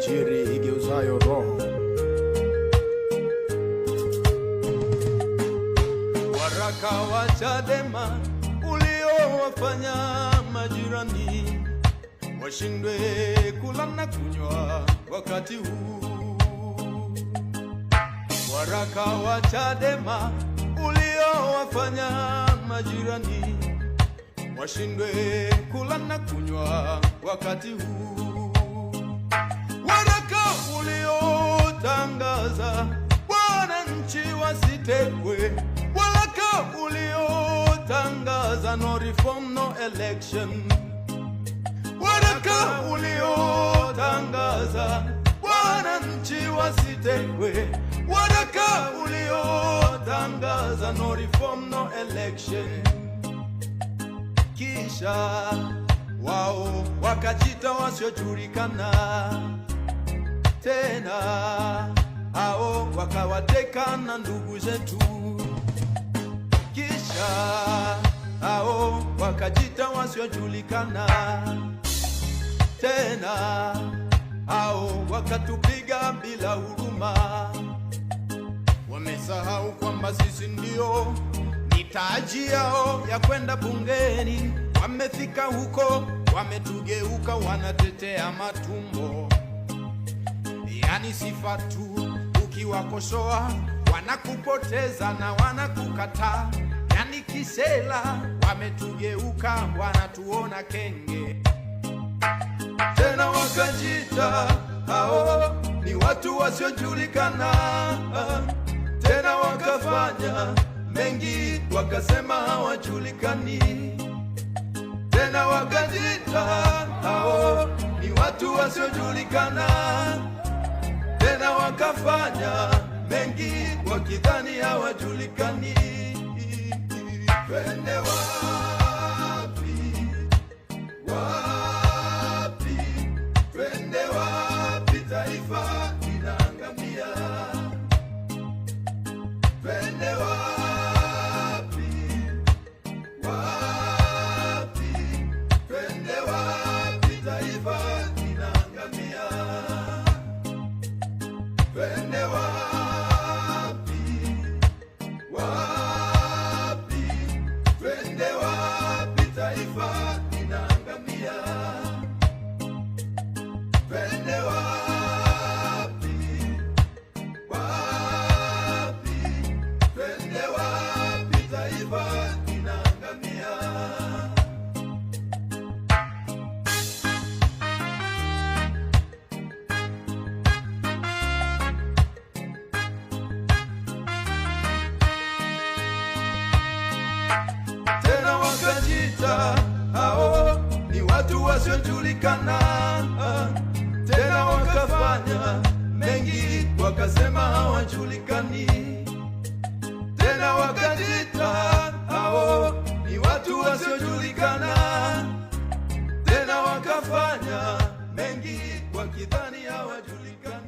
Injili igeuzayo roho. Waraka wa Chadema uliowafanya majirani washindwe kula na kunywa wakati huu. Waraka wa Chadema uliowafanya majirani washindwe kula na kunywa wakati huu. usitekwe, walaka uliotangaza no reform no election, waraka uliotangaza wananchi wasitekwe, waraka uliotangaza no reform no election, kisha wao wakajita wasiojulikana tena wakawateka na ndugu zetu, kisha hao wakajita wasiojulikana tena, hao wakatupiga bila huruma. Wamesahau kwamba sisi ndio ni taji yao ya kwenda bungeni. Wamefika huko wametugeuka, wanatetea matumbo, yani sifa tu wakiwakosoa wanakupoteza na wanakukata yani kisela wametugeuka, wanatuona kenge tena wakajita hao ni watu wasiojulikana tena, wakafanya mengi wakasema hawajulikani tena, wakajita hao ni watu wasiojulikana tena wakafanya mengi wakidhani hawajulikani. Twende wa When there wasiojulikana tena, wakafanya mengi wakasema hawajulikani tena, wakajita hao ni watu wasiojulikana tena, wakafanya mengi wakidhani hawajulikani.